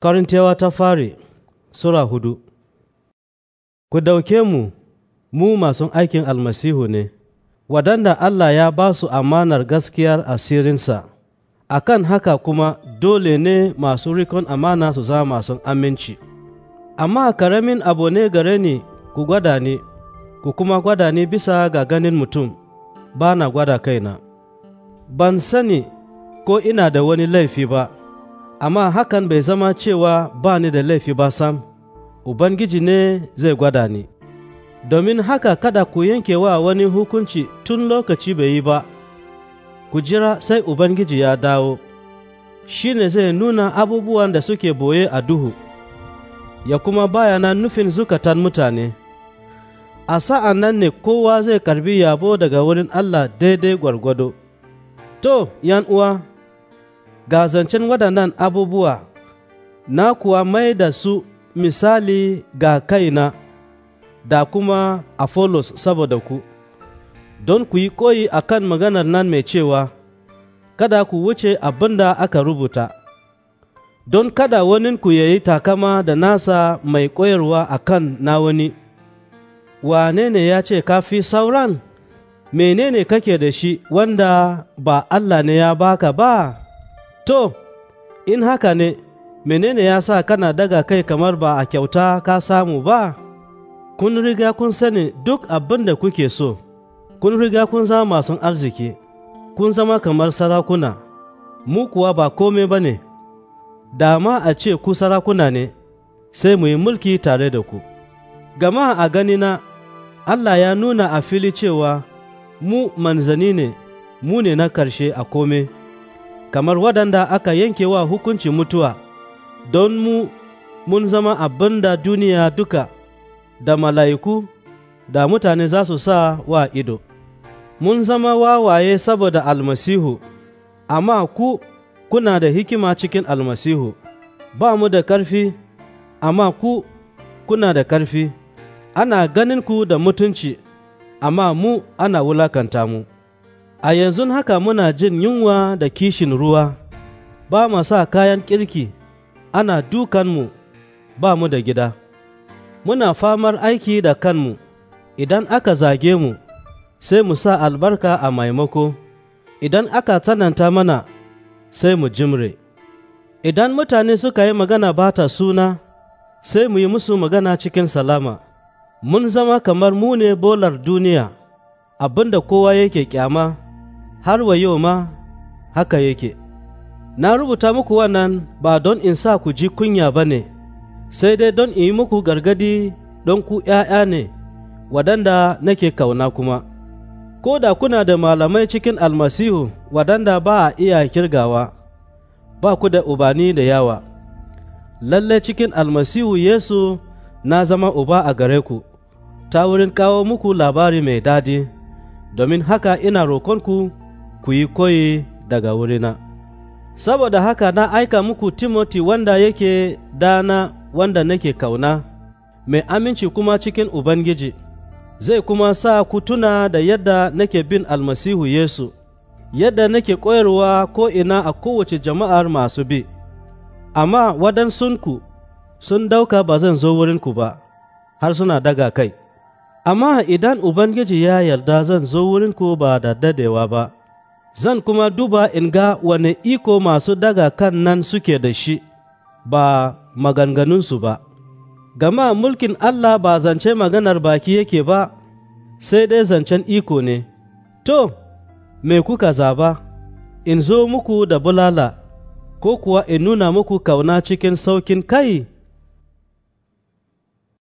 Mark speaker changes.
Speaker 1: Korintiyawa ta fari Sura hudu Ku dauke mu, mu masu aikin almasihu ne, waɗanda Allah ya ba su amanar gaskiyar asirinsa, a kan haka kuma dole ne masu rikon amana su zama masu aminci. Amma karamin abu ne gare ni ku gwada ni, ku kuma gwada ni bisa ga ganin mutum, ba na gwada kaina. Ban sani ko ina da wani laifi ba. amma hakan bai zama cewa ba ni da laifi ba sam, Ubangiji ne zai gwada ni. Domin haka kada ku yanke wa wani hukunci tun lokaci bai yi ba, ku jira sai Ubangiji ya dawo, shi ne zai nuna abubuwan da suke boye a duhu, ya kuma bayana nufin zukatan mutane. A sa'an nan ne kowa zai karbi yabo daga wurin Allah daidai gwargwado. To, uwa. ga zancen waɗannan abubuwa, na kuwa mai da su misali ga kaina da kuma Afolos saboda ku, don ku yi koyi a kan maganar nan mai cewa, Kada ku wuce abin da aka rubuta, don kada waninku ya yi takama da nasa mai koyarwa a kan na wani, wane ne ya ce kafi sauran? Menene kake da shi wanda ba Allah ne ya baka ba? To, in haka ne, menene ya sa kana daga kai kamar ba a kyauta ka samu ba? Kun riga kun sani duk abin da kuke so, kun riga kun zama masu arziki, kun zama kamar sarakuna, mu kuwa ba kome ba ne, da a ce ku sarakuna ne, sai mu yi mulki tare da ku. Gama a ganina, Allah ya nuna a fili cewa mu manzani ne, mu ne na ƙarshe a kome. kamar waɗanda aka yanke wa hukunci mutuwa, don mu mun zama abin da duniya duka da mala'iku da mutane za su sa wa ido. Mun zama wawaye saboda almasihu, amma ku kuna da hikima cikin almasihu, ba mu da ƙarfi, amma ku kuna da ƙarfi, ana ganin ku da mutunci, amma mu ana wulakanta mu. a yanzu haka muna jin yunwa da kishin ruwa, ba mu sa kayan kirki, ana dukanmu ba mu da gida. Muna famar aiki da kanmu, idan aka zage mu, sai mu sa albarka a maimako, idan aka tsananta mana, sai mu jimre. Idan mutane suka yi magana ba ta suna, sai mu yi musu magana cikin salama. Mun zama kamar mune bolar duniya, abinda kowa yake kyama. har wa yau ma haka yake na rubuta muku wannan ba don in sa ku ji kunya ba ne sai dai don in yi muku gargadi don ku ‘ya'ya ne waɗanda nake kauna kuma ko da kuna da malamai cikin almasihu waɗanda ba a iya kirgawa ba ku da ubani da yawa lalle cikin almasihu yesu na zama uba a gare ku ta wurin kawo muku labari mai dadi domin haka ina rokonku ku yi koyi daga wurina. Saboda haka na aika muku Timoti wanda yake dana wanda nake kauna, mai aminci kuma cikin Ubangiji, zai kuma sa ku tuna da yadda nake bin almasihu Yesu, yadda nake koyarwa ina a kowace jama'ar masu bi. Amma waɗansunku sun dauka ba zan zo wurinku ba, har suna daga kai. Amma idan Ubangiji ya yarda zan zo wurinku ba da dadewa ba. zan kuma duba in ga wane iko masu daga kan nan suke da shi ba maganganunsu ba gama mulkin Allah ba zance maganar baki yake ba sai dai zancen iko ne to me kuka zaba in zo muku da bulala ko kuwa in nuna muku kauna cikin saukin kai